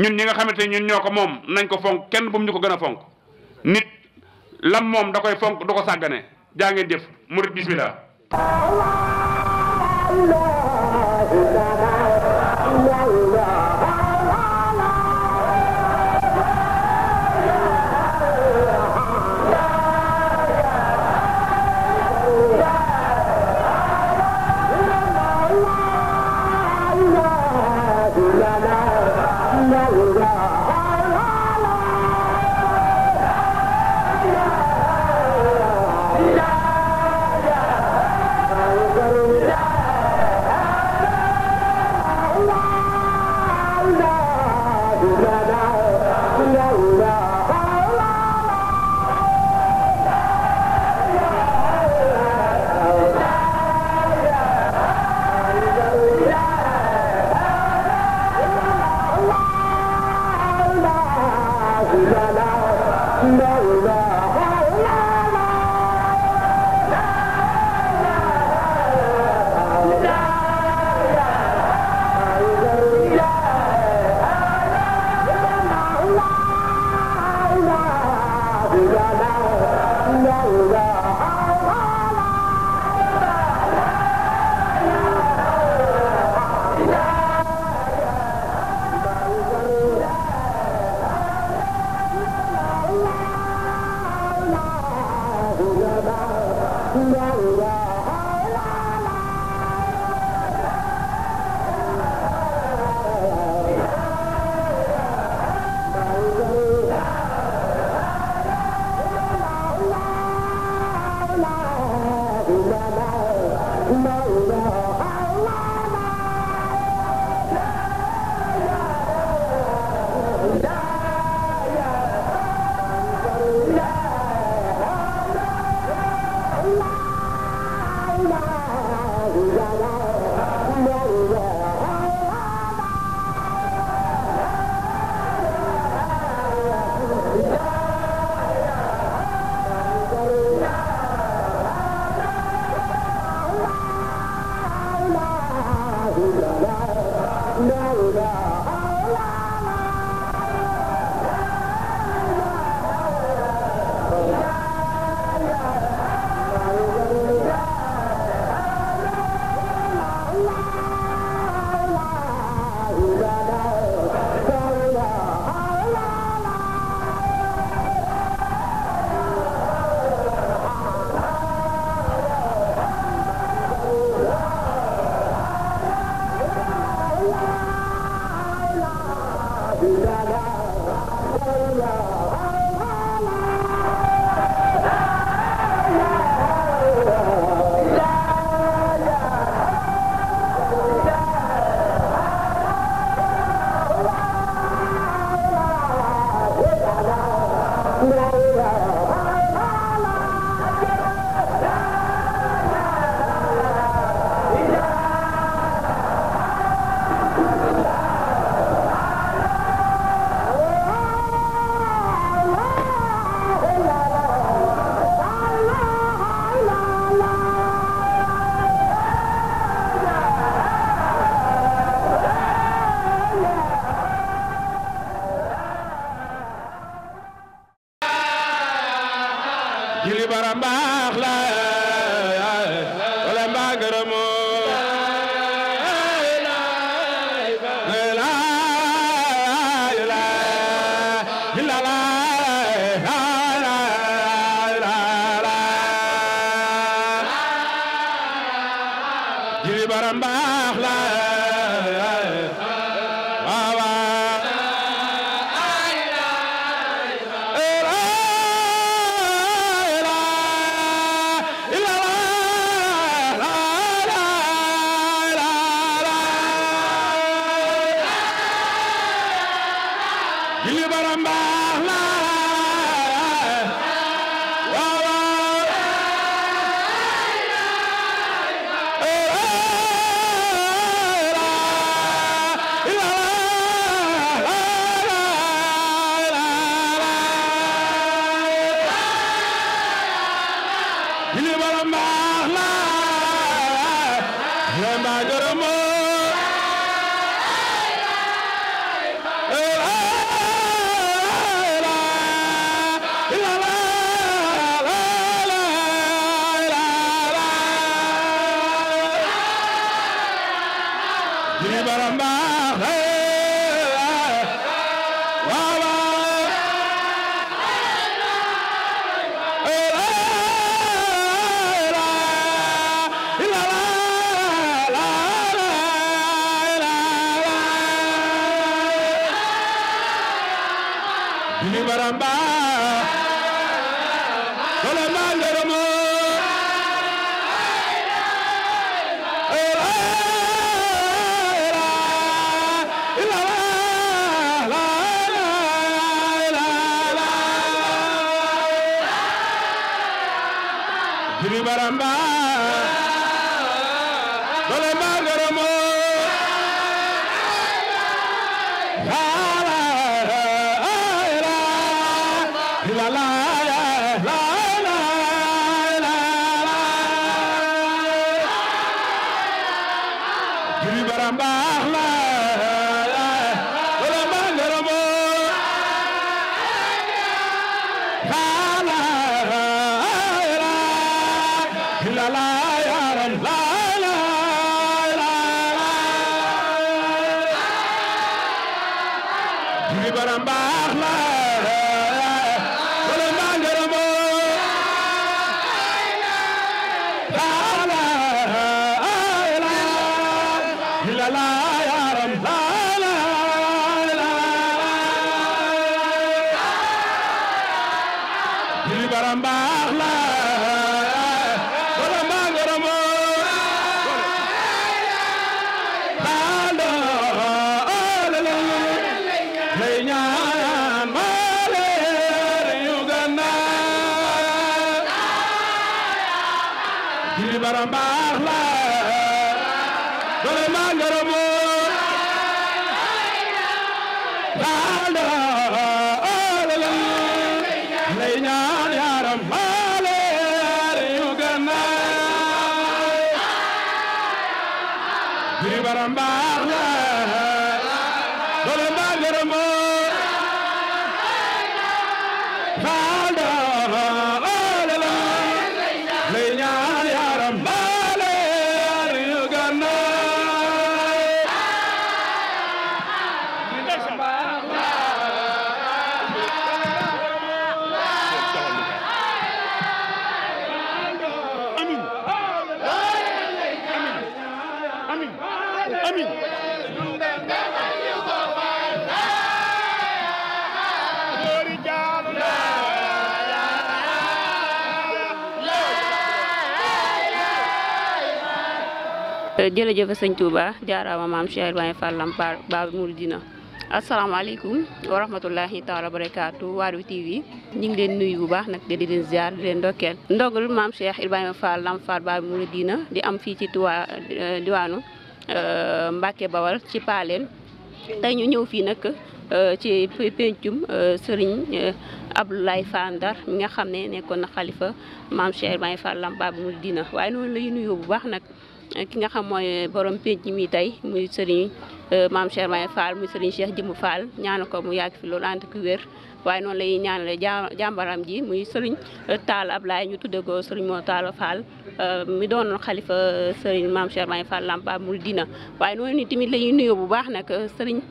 ñun ñi nga xamante ne ñun ñoo ko moom nañ ko fonk kenn bu mu ñu ko gën a fonk nit lam moom da koy fonk du ko sàggane jaa ngeen jëf murit bismillah Allah baramba Ibra mbaax la jërëjëf sëñ Touba jaaraama maam Cheikh Ibrahima Fall Lampa Baabul Mouridina asalaamaaleykum wa rahmatullahi taala wa barakaatu Waarwi TV ñu ngi leen nuyu bu baax nag di leen ziar di leen ndokkeel ndogal maam Cheikh Ibrahima Fall Lampa Baabul Mouridina di am fii ci tuwa eh, diwaanu eh, Mbacke Bawal ci Paaleen tey ñu ñëw fii nag eh, ci pencum Serigne Abdoulaye Fall Ndar mi nga xam ne nekkoon na xalifa maam Cheikh Ibrahima Fall Lampa Baabul Mouridina waaye noonu lay nuyoo bu baax nag. ki nga xam mooy borom pénc mi tey muy sëriñ Euh, maam Cheikh Maye Fall muy Serigne Cheikh Jëmmu Fall ñaanal ko mu yàgg fi loolu ànd ku wér waaye noonu lay ñaanale jàmbaram ji muy Serigne euh, ab Ablaye ñu tudde ko Serigne moo Tall Fall euh, mi doon xalifa Serigne maam Cheikh Maye Fall Lampa Mouridina waaye noonu ni tamit la ñuy nuyoo bu baax nag Serigne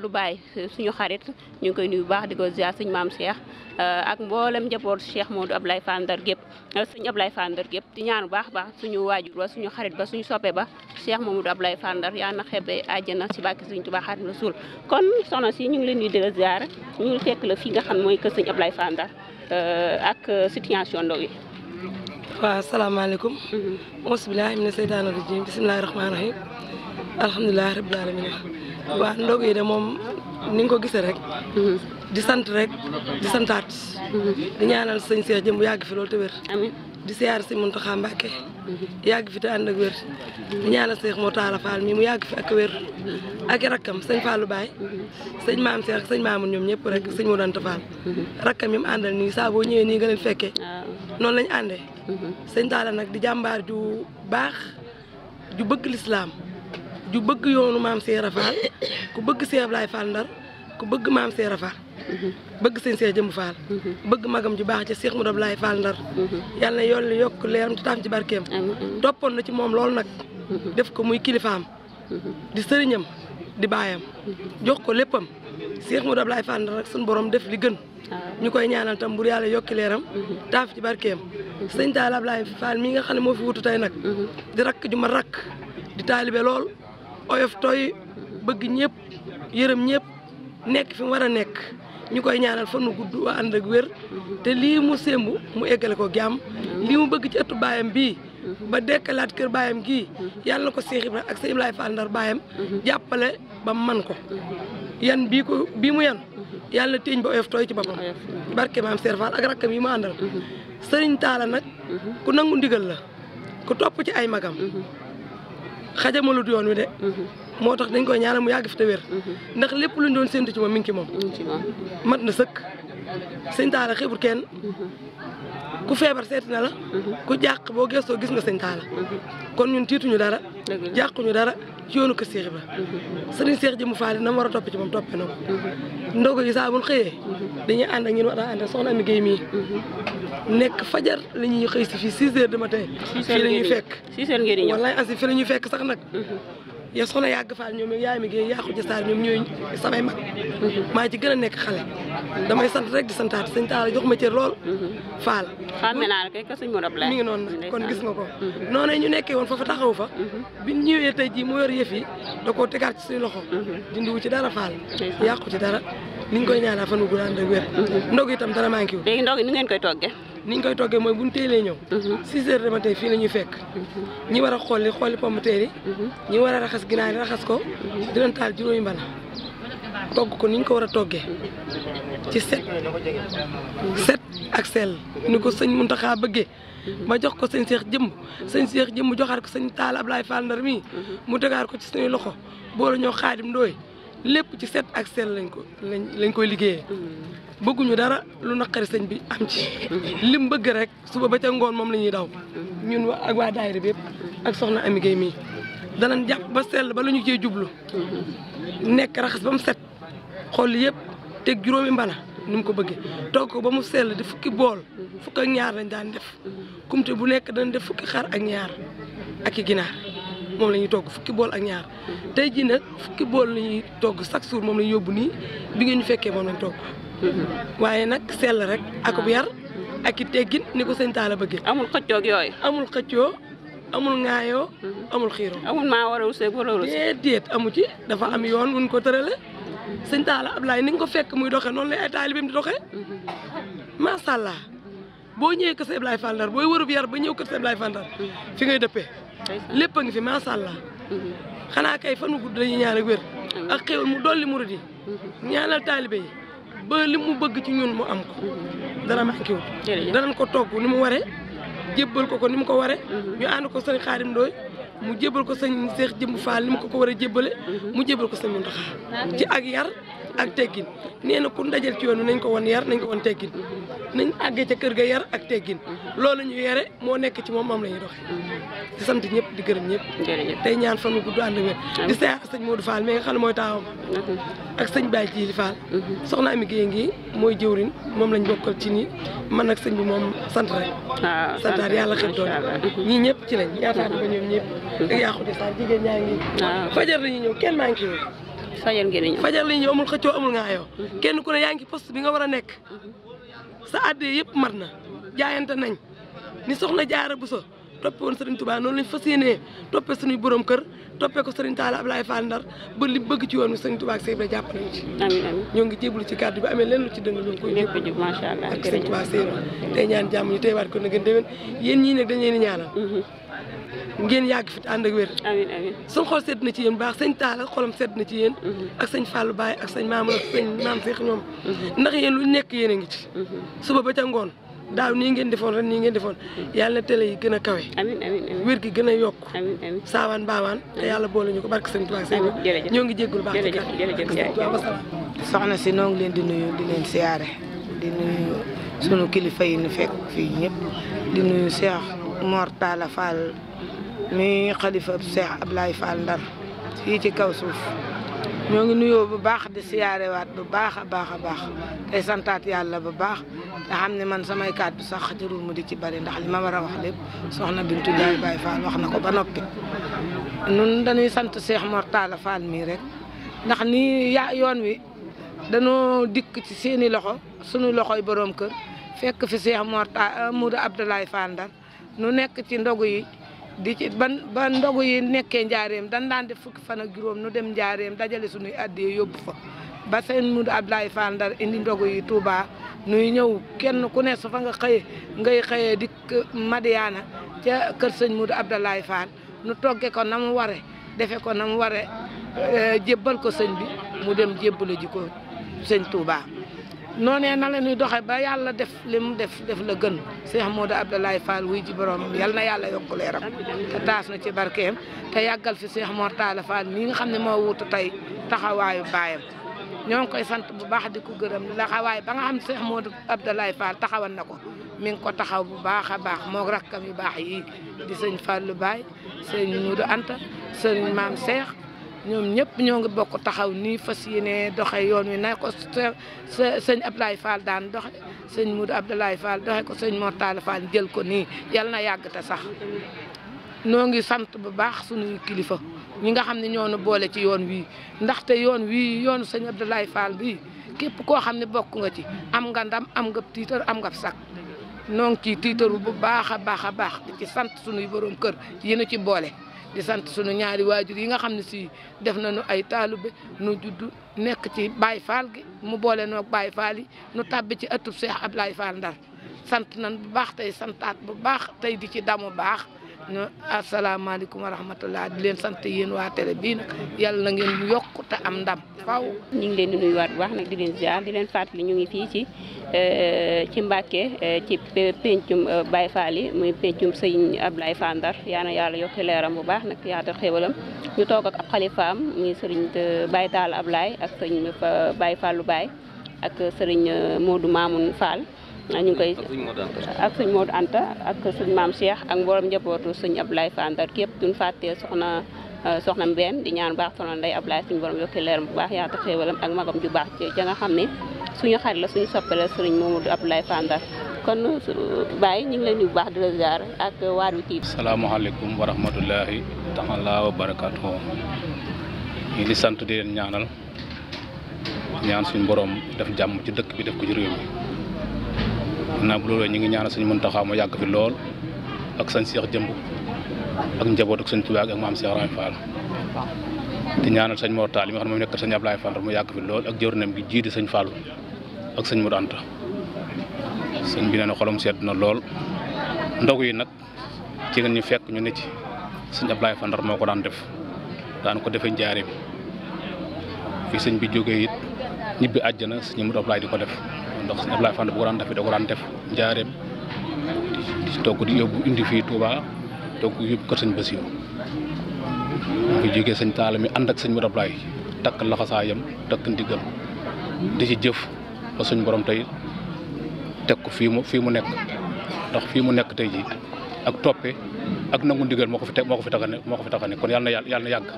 lu baay suñu xarit ñu ngi koy nuyu baax di ko ziar sëñ maam Cheikh ak mboolem njaboot Cheikh Modou Ablaye Fall Ndar gépp sëñ Ablaye Fall Ndar gépp di ñaan baax baax suñu waajur wa suñu xarit ba suñu soppe ba Cheikh Mamadou Ablaye Fall Ndar yaa na ay àjjana ci barke a Tuubaa Xaadimu Rasuul kon soxna si ñu ngi leen di dëra ziar ñu ngi fekk la fi nga xam mooy kër Sëriñ Ablaye Fall Ndar euh, ak euh, situation ndaw yi waaw asalaamaaleykum mosbilahi mm-hmm. mina seytaani rajim bisimilahi rahmaani rahim alhamdulilahi rabbil alamin waa ndog yi de moom ni nga ko gisee rek mm-hmm. di sant rek di santaat mm-hmm. di ñaanal sëñ Seex jëm bu yàgg fi loolu te wér di siyaar si Muntaxa Mbàkke yàgg fi te ànd ak wér di ñaanal Seex moo taala Fall mi mu yàgg fi ak wér ak rakkam sëñ Fallou baay sëñ maam Seex sëñ maamun ñoom ñëpp rek sëñ moo danta Fall rakkam miim mu àndal nii saa boo ñëwee nii nga feke fekkee noonu lañ àndee mhm. sëñ taala nag di jàmbaar ju baax ju bëgg lislaam ju bëgg yoonu maam Seera Fall ku bëgg Seex Ablaay Fall Ndar ku bëgg maam Seera Fall mhm. bëgg sëñ Cheikh Jëmb Fall mhm. bëgg magam ju baax ci Cheikh Modou laay Fall Ndar mhm. yàlla na yoolu yokk leeram te taam toppoon na ci moom loolu nag mhm. def ko muy kilifaam di sëriñam di baayam jox ko léppam Cheikh Modou Abdoulaye Fall Ndar rek suñu def li gën ah. ñu koy ñaanal tam yàlla yokki leeram taaf ci barkeem sëñ Talla Abdoulaye Fall mii nga xam ne moo fi wutu tey nag di rakk ju rakk di taalibe lool oyof tooy bëgg ñëpp yërëm ñëpp nekk fi war a nekk ñu koy ñaanal fanu gudd wa ànd ak wér te lii mu sembu mu eggale ko jàmm lii mu bëgg ci ëttu baayam bii ba dekkalaat kër baayam gii yàlla na ko Seex Ibra ak sa Ibrahima Fall baayam jàppale ba man ko yan bii bii mu yan yàlla na téeñ ba ci boppam barke Seer Fall ak rakkam yi ma àndal sëriñ Taala nag ku nangu ndigal la ku topp ci ay magam xajamalut yoon wi de moo tax dañ koy ñaanal mu yàgg fi te wér mhm. ndax lépp luñ doon séntu ci moom mi ngi ci moom mat na sëkk sëñ taala xibur kenn mhm. ku feebar seet na la mhm. ku jàq boo gestoo gis na sëñ taala kon ñun tiituñu dara jàquñu dara ci yoonu kër Seex Ibra sëriñ ji mu faali na mu war a topp ci moom toppee na ko ndogo yi saa bu ñu xëyee dañuy ànd a ñun war a ànd ak soxna Ami Guèye mii nekk fajar li ñuy xëy si fii six de du matin fii la ñuy fekk wallaay ansi fii la ñuy fekk sax nag yow soxna yàgg faal ñoom yaay mi géey yàqu jasaar ñoom ñooy samay mag maa ci gën a nekk xale damay sant rek di santaat sëñ taala jox ma cër lool faal xàmme naa la kay ka sëñ mu rab lay mi ngi noonu kon gis nga ko mm-hmm. Mm-hmm. noonu ñu nekkee woon foofu taxaw fa mm-hmm. bi ñëwee tey jii mu yor yëf yi da koo tegaat ci suñu loxo dindiwu ci dara faal yàqu ci dara ni ñu koy ñaanaa fan wu gudd ànd ak wér ndog itam dara manqué wu léegi ndog ni ngeen koy toggee ni koy toggee mooy bu ñu teelee ñëw. 6 mhm. heures de matin fii la ñuy fekk. Mhm. ñi war a xolli xolli pomme terre yi. Mhm. ñi war a raxas ginaar yi raxas ko. dinañ taal juróomi mbala. togg ko ni ko war a toggee ci set set ak sell ni ko sëñ Muntaxa bëggee ma jox ko sëñ Seex jëmm sëñ Seex jëmm joxaat ko sëñ Taal Ablaay Fall Ndar mi mu tegaar ko ci suñuy loxo boole ñoo xaadim ndooy lépp ci set ak sel lañ ko lañ lañ koy liggéeyee mm. bëgguñu dara lu naqari sëñ bi am ci mm. lim bëgg rek suba ba ca ngoon moom la ñuy daw mm. ñun wa ak waa daayira bi yëpp ak soxna Ami Gueye mii danañ jàpp ba sel ba la ñu cee jublu mm-hmm. nekk raxas ba set xol yëpp teg juróomi mbala num ko bëggee togg ko ba mu sell di fukki bool mm-hmm. fukk ak ñaar lañ daan def mm-hmm. kumte bu nekk danañ def fukki xar ak ñaar ak i ginaar moom la ñuy togg fukki bool ak ñaar mhm. tey jii nag fukki bool la ñuy togg chaque jour moom la yóbbu nii bi ngeen ñu fekkee moom la ñu togg mhm. waaye nag sell rek ak bu yar mhm. ak i teggin ni ko sëñ Talla bëggee. amul xëccoo ak amul xëccoo amul ŋaayoo. amul xiiroo amul maa war war a ruusee. déedéet amu ci dafa am yoon wuñ ko tërale sëñ Talla Ablaye ni nga ko fekk muy doxe noonu lay ay taalibeem di doxee macha allah boo ñëwee kër Sëñ Ablaye Fall Ndar booy wërub yar ba ñëw ko Sëñ Ablaye Fall fi ngay dëppee. lépp a ngi fi macha allah. xanaa kay fan mu gudd dañuy ñaan ak wér. ak xéwal mu dolli murid yi. ñaanal taalibe yi ba li mu bëgg ci ñun mu am ko. dara manqué wu. danañ ko togg nu mu ware jébbal ko ko ni mu ko waree. ñu ànd ko sëñ Xaadim Ndooy mu jébal ko sëñ Seex Jëmb Faal ni mu ko ko war a jébbale mu jébal ko sëñ Muntaxa ci ak yar ak teggin nee na ku ndajal ci yoon nañ ko won yar nañ ko won teggin nañ àggee ca kër ga yar ak teggin loolu ñu yare moo nekk ci moom moom la ñuy doxee di sant ñëpp di gërëm ñëpp tey ñaan fan wu gudd ànd wér di sa sëñ Modou Fall mi nga xam ne mooy taawam ak sëñ baa Djili Fall. soxna Ami Guèye ngi mooy jëwrin moom lañ bokkal ci nii man ak sëñ bi moom sant rek. waaw ah, sant rek yàlla xet doon ñii ñëpp ci lañ yaakaar naa ko ñoom ñëpp. ak mm-hmm. yaa ñaa ngi. Ah. fajar la ñuy ñëw kenn maa ngi ciy fajar ngeen di ñëw fajar la ñuy ñëw amul xëccoo amul mm-hmm. kenn ku ne yaa ngi poste bi nga war a nekk. Mm-hmm. sa àddee yëpp mat na jaayante nañ ni soxna jaar bu so toppe woon Serigne Touba noonu lañ fas yéenee toppee suñuy borom kër toppee ko Serigne Talla Ablaye Fall Ndar ba li bëgg ci yoon bi Serigne Touba ak ñoo ngi jéblu ci kàddu bi amee lenn lu ci dëng ñoo ngi koy lépp jub macha allah ak Serigne Touba Seydou ñaan jàmm ñu teewaat ko na gën déwén yéen ñii dañ leen di ñaanal mhm. ngeen yàgg fi ànd ak wér amiin amiin suñ xol sedd na ci yéen baax sëñ Talla xolam sedd na ci yéen mhm. ak sëñ Fallou Baye ak sëñ Mamadou ak sëñ Maam Seex ñoom mhm. ndax yéen lu nekk yéen a ngi ci suba ba ca ngoon daaw nii ngeen defoon rek nii ngeen defoon yàlla na télé yi gën a kawe. amiin wér gi gën a yokk. amiin amiin saawaan baawaan yàlla boole ñu ko barke sëñ Tuubaa sëñ ñoo ngi jéggul baax ci kàddu soxna si noo ngi leen di nuyu di leen siyaare di nuyu sunu kilifa yi fekk fii ñëpp di nuyu Cheikh Mor Talla Fall mi xalifa Cheikh Ablaye Fall Ndar fii ci kaw suuf ñoo ngi nuyoo bu baax di siyaarewaat bu baax a baax a baax tey santaat yàlla bu baax nga xam ne man samay kàddu sax jarul mu di ci bari ndax ma war a wax lépp soxna Bintu Njaay Baay Faal wax na ko ba noppi nun dañuy sant Cheikh Mortala Fall mii rek ndax ni ya yoon wi danoo dikk ci seeni loxo sunu loxoy boroom kër fekk fi Cheikh Mortala Moudou Abdoulaye Fall Ndar nu nekk ci ndogu yi di ci ban ba ndogu yi nekkee njaareem dan daan def fukk fan a juróom nu dem njaareem dajale sunuy addee yóbbu fa ba seen Moudou Abdoulaye Fall Ndar indi ndogu yi Touba nuy ñëw kenn ku ne sa fa nga xëye ngay xëyee di Madiana ca kër sëñ Modou Abdoulaye Fall nu togge ko na mu ware defe ko na mu ware eh, jébbal ko sëñ bi mu dem jébbal ji ko sëñ Touba noonee na la ñuy doxe ba yàlla def li mu def def la gën Cheikh Modou Abdoulaye Fall wuy ji borom yal na yàlla yokk leeram taas na ci barkeem te yàggal fi Cheikh Mortala Fall mii nga xam ne moo wutu tey taxawaayu baayam ñoo ngi koy sant bu baax di ko gërëm taxawaay ba nga xam Cheikh Modou Abdoulaye Fall taxawal na ko mi ngi ko taxaw bu baax a baax moo rakkam yu baax yi di sëñ Fallou Baye sëñ Modou Anta sëñ Maam Cheikh ñoom ñëpp ñoo ngi bokk taxaw nii fas yéene doxe yoon wi na ko sëñ Abdoulaye Fall daan doxe sëñ Modou Abdoulaye Fall doxe ko sëñ Mortala Fall jël ko nii yal na yàgg te sax noo ngi sant bu baax suñuy kilifa ñi nga xam ne ñoo nu boole ci yoon wii ndaxte yoon wii yoon yoonu sëñ Abdoulaye Fall bii képp koo xam ne bokk nga ci am nga ndam am ga tiitar am nga sak noo ngi ciy bu baax a baax a baax ci sant sunuy borom kër yi nu ci boole di sant sunu ñaari waajur yi nga xam ne si def na nañu ay taalu taalube nu juddu nekk ci Baye Fall gi mu boole noog Baye Fall yi nu tab ci ëttub Seex Abdoulaye Fall Ndar sant nan bu baax tey santaat bu baax tey di ci damu baax ñu asalaamaaleykum wa rahmatulah di leen sant yéen waa télé bii nag yàlla na ngeen yokk te am ndam faaw. ñu ngi leen di nuyuwaat bu baax nag di leen ziar di leen fàttali ñu ngi fii ci euh, ci Mbàkke euh, ci pencum euh, Baye Fall yi muy pencum sëñ Ablaye Fall Ndar yaa na yàlla yokk leeram bu baax nag yaata xéwalam ñu toog ak ab xalifaam muy sëriñ Baye Tall Ablaye ak sëñ Baye Fallou baay ak sëriñ Modou Mamoun Fall. ñu ngi koy ak suñ Modou Anta ak suñ maam Cheikh ak mboolem njabootu suñ Abdoulaye Fall Ndar képp duñ fàttee soxna euh, soxna Mbène di ñaan baax tonoon day Abdoulaye suñ borom yokki bu baax yaata xéewalam ak magam ju baax ci nga xam ne suñu xarit la suñu soppe la sëriñ Mamadou Abdoulaye kon euh, Baye ñu baax di la ak waar wi kii salaamaaleykum wa rahmatullahi taala wa barakaatuhu ñu ngi sant di leen ñaanal ñaan suñu borom def jàmm ci dëkk bi def ko ci naa bu loolu ñu ngi ñaanal sëñ Muntaxa mu yàgg fi lool ak sañ Seex Jëmb ak njaboot ak sëñ Tuubaa ak maam Seex sëñ Mor Tall yi nga xam ne moom nekk sëñ Ablaye Fall mu yàgg fi lool ak jëwrinam gi jiite sañ Fallu ak sëñ Modu Anta sëñ bi nee na sedd na lool ndogu yi nag ci ngeen ñu fekk ñu ne ci sëñ Ablaye Fall moo ko daan def daan ko defee njaareem fi sëñ bi jógee it ñibbi àjjana sëñ Modu Ablaye di ko def ndax sëñ Ablaye Fall bu ko daan def da ko daan def njaareem di togg di yóbbu indi fii Touba togg yóbbu kër sëñ Basiru mu fi sañ sëñ Taala mi ànd ak sëñ Mor Ablaye takk laxasaayam takk ndiggam di ci jëf ba suñ borom tey teg ko fii mu fii mu nekk ndax fii mu nekk tey ji ak toppe ak nangu ndigal moo ko fi teg moo fi tax a ne moo ko a ne kon yàlla na yàlla na yàgg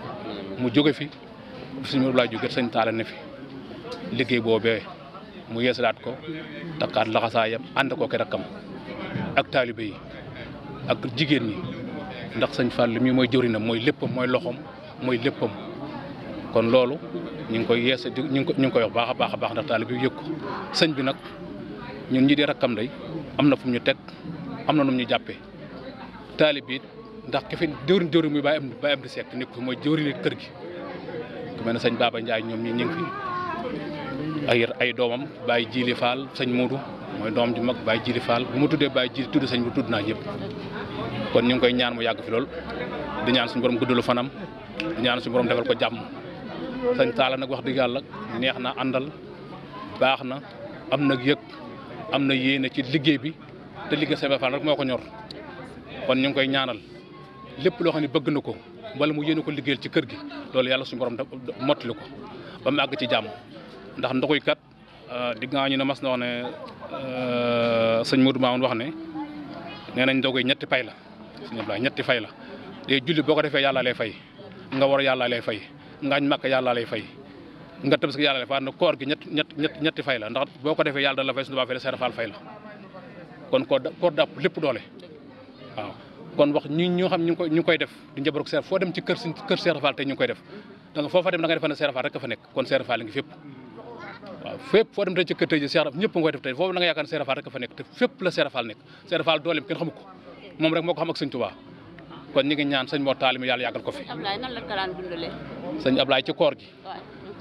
mu jóge fi suñu Mor Ablaye jóge sëñ Taala ne fi liggéey boobee mu yeesalaat ko takkaat laxasaayam ànd ko ki rakkam ak taalibe yi ak jigéen ñi ndax sëñ Fallou mii mooy jëwriñam mooy léppam mooy loxoom mooy léppam kon loolu ñu ngi koy yeesa di ñu ngi ñu ngi koy wax baax a baax baax ndax taalibe yi yëg ko sëñ bi nag ñun ñi di rakkam day am na fu ñu teg am na nu ñu jàppe taalibe it ndax ki fi jëwriñ jëwriñ muy bàyyi am di seet nekk mooy jëwriñ kër gi ku sañ ne sëñ Ndiaye ñoom ñi ñu ngi fi ay ay doomam baay Jili Fall sañ Moodu mooy doom ju mag Baye Jili Fall bu ma tuddee baay Jili tudd sëñ bu tudd naa ñëpp kon ñu ngi koy ñaan mu yàgg fi lool di ñaan suñu borom fanam ñaan suñu borom defal ko jàmm sëñ nag wax dëgg yàlla neex na àndal baax na am nag yëg am na yéene ci liggéey bi te liggéey Sëñ Fall moo ko ñor kon ñu ngi koy ñaanal lépp loo xam ne bëgg na ko wala mu yéene ko liggéeyal ci kër gi loolu yàlla suñu borom mottali ko ba mu àgg ci jàmm. ndax ndoxuy kat euh, digg naa ñu na mas na wax ne euh, sëñ ma Mamoun wax ne nee nañ ndox yi ñetti pay la sëñ ñetti fay la te julli boo ko defee yàlla lay fay nga war yàlla lay fay ngaañ màkk yàlla lay fay nga tabaski yàlla lay koor gi ñetti ñetti ñetti fay la ndax boo ko defee yàlla da la fay suñu baa fay la seer faal fay la kon koor koor lépp doole waaw kon wax ñi ñoo xam ñu koy ñu def di njaboot seer faal te ñu koy def da nga foo fa dem da nga defa ne faal rek a fa nekk kon seer faal ngi fépp waaw fépp foo dem tey ci kër tey ji Cheikh ñëpp nga koy def tey foofu da nga fa nekk te fépp la Serapha nekk Serapha dooleem kenn xamu moom rek moo ko xam ak sëñ Touba kon ñu ngi ñaan sëñ Mor taalim mi yàlla yàggal ko fi. sëñ Ablaye nan la ci koor gi.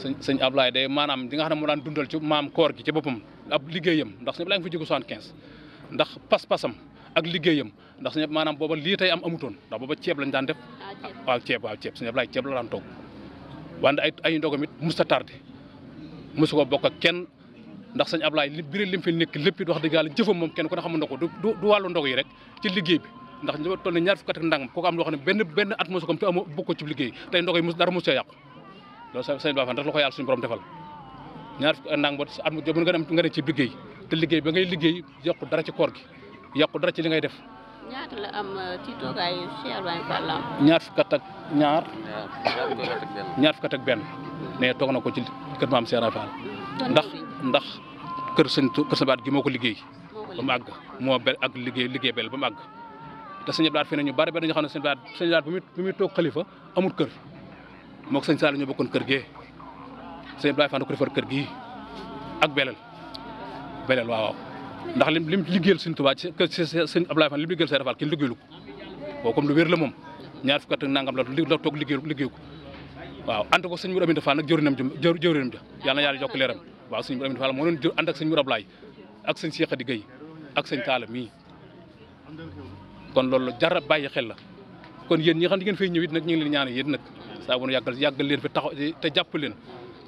sëñ sëñ Ablaye day maanaam di nga xam ne moo daan dundal ci maam koor gi ci boppam ab liggéeyam ndax sëñ Ablaye nga fi jóge 75 ndax ak liggéeyam ndax sëñ maanaam booba lii tey am amutoon ndax booba ceeb lañ daan def ah, waaw ceeb waaw ceeb sëñ Ablaye ceeb la daan togg wante ay ay ndogam it musta tardé mosu ko bokk ak kenn ndax sañ Ablaye li biir lim fi nekk lépp it wax dëgg yàlla moom kenn ku ne xamul na ko du du wàllu ndog rek ci liggéey bi ndax ñu toll ne ñaar fukk ak ndàngam kooku am loo xam ne benn benn at mosu te amoo bokk ko ci liggéey tey ndog yi mos dara mos cee yàqu loolu sëñ ñaar fukk ak ndàngam ba at mu nga dem nga dem ci liggéey liggéey ba ngay liggéey yàqu dara dara ci li ngay def ñaata la am euh, ci toogaayu Cheikh Ibrahima ñaar fukk ak benn ne toog na ko ci kër maam Seera Fall ndax ndax kër sëñ kër sëñ baat gi moo ko liggéey ba mu moo bel liggéey liggéey bel ba mu te sëñ blaat fii ne bari bari dañu xam ne sëñ blaat sëñ blaat bi muy toog xalifa amul kër moo ko sëñ Sall ñoo bokkoon kër gee sëñ blaat Fall ko defar kër gii ak belel belel waaw waaw ndax lim lim liggéeyal sëñ Tuubaa ci sëñ Abdoulaye Fall lim liggéeyal boo comme lu wér la moom ñaar fukki at ak nangam la toog liggéeyu ko waaw ànd ko sëñ Mourou Aminta Fall nag jëwrinam jëm jëwrinam ja yàlla na yàlla yokk leeram waaw sëñ Mourou Aminta Fall moo doon jëw ànd ak sëñ Mourou Ablaye ak sëñ Cheikh Adi ak sëñ Talla mii kon loolu jar a bàyyi xel la kon yeen ñi xam ne ngeen fay ñëw it nag ñu ngi leen ñaanal yéen nag saa bu nu leen fi taxaw te jàpp leen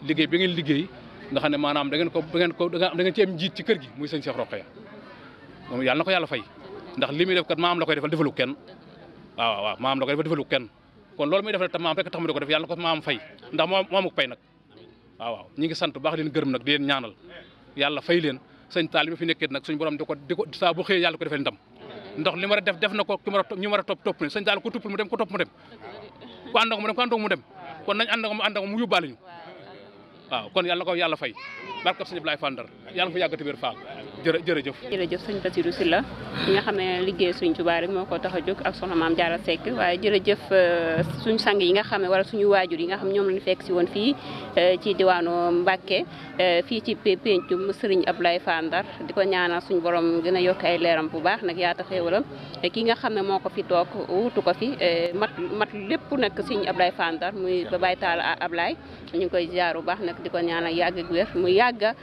liggéey bi ngeen liggéey nga xam ne maanaam da ngeen ko da ngeen ko da ngeen ci am njiit ci kër gi muy sëñ Cheikh Roqaya moom yàlla na ko yàlla fay ndax li muy def kat maam la koy defal defalu kenn waaw waaw maam la koy defal defalu kenn kon loolu muy def rek te maam rek tax mu di ko def yàlla na ko maam fay ndax moo moo amuk nag waaw waaw ñi ngi sant baax leen gërëm nag di ñaanal yàlla fay leen sëñ taal bi fi nekkee nag suñu borom di ko di ko saa bu yàlla ko defee ndam ndax li a def def na ko ki ma ñu topp topp ne ko tuppul mu dem ko topp mu dem ku ànd ak mu dem ku ànd ak mu dem kon nañ ànd ak mu ànd ak mu yóbbaale ñu waaw kon yàlla na ko yàlla fay barkat sëñ Ablaye Fandar yàlla na fa yàgg tamit Fall jërëjëf. jërëjëf sëñ Bassirou Sylla ñi nga xam ne liggéey suñ Tuubaa rek moo ko tax a jóg ak soxna maam Jaara Seck waaye jërëjëf euh, suñ sang yi nga xam ne wala suñu waajur yi nga xam ñoom lañ fekk si woon fii euh, ci diwaanu Mbàkke euh, fii ci péncum sëriñ Ablaye Fall Ndar di ko ñaanal suñu borom gën a yokk ay leeram bu baax nag yaata xéewalam ki nga xam ne moo ko fi toog wutu ko fi mat mat lépp nag sëriñ Ablaye Fall Ndar muy ba taal Tall Ablaye ñu koy jaar bu baax nag di ko ñaanal yàgg ak mu yàgg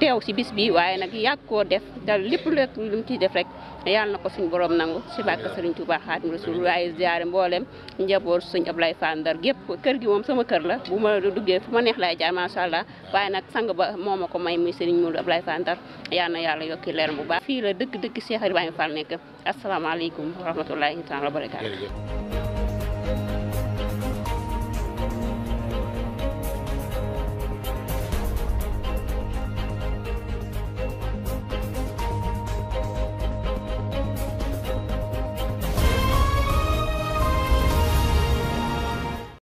teew si bis bi waaye nag yàgg koo def dal lépp lekk lu mu ciy def rek yàlla na ko suñ boroom nangu si bàkk Sëriñ Tuuba Xaadimu Rasuul waaye jaare mboolem njaboot suñ Ablaye Fall Ndar gépp kër gi moom sama kër la bu ma duggee fu ma neex lay jaar macha allah waaye nag sang ba moo ma ko may muy Sëriñ Moodu Ablaye Fall Ndar yal na yàlla yokki leer bu baax fii la dëkk dëkk Cheikh Ibrahima Fall nekk asalaamaaleykum wa rahmatulahi taala wa barakaatu